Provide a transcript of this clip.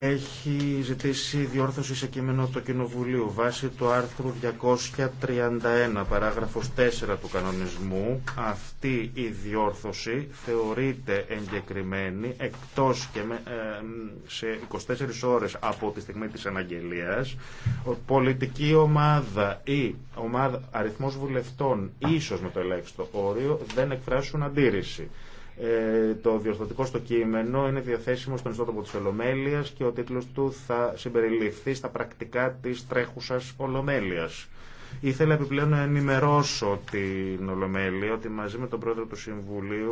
έχει ζητήσει διόρθωση σε κείμενο του Κοινοβουλίου βάσει του άρθρου 231 παράγραφος 4 του κανονισμού αυτή η διόρθωση θεωρείται εγκεκριμένη εκτός και ε, σε 24 ώρες από τη στιγμή της αναγγελίας πολιτική ομάδα ή ομάδα αριθμός βουλευτών ίσως με το ελέγχιστο όριο δεν εκφράσουν αντίρρηση ε, το διορθωτικό στο κείμενο είναι διαθέσιμο στον ιστότοπο της Ολομέλειας και ο τίτλος του θα συμπεριληφθεί στα πρακτικά της τρέχουσας Ολομέλειας. Ήθελα επιπλέον να ενημερώσω την Ολομέλεια ότι μαζί με τον πρόεδρο του Συμβουλίου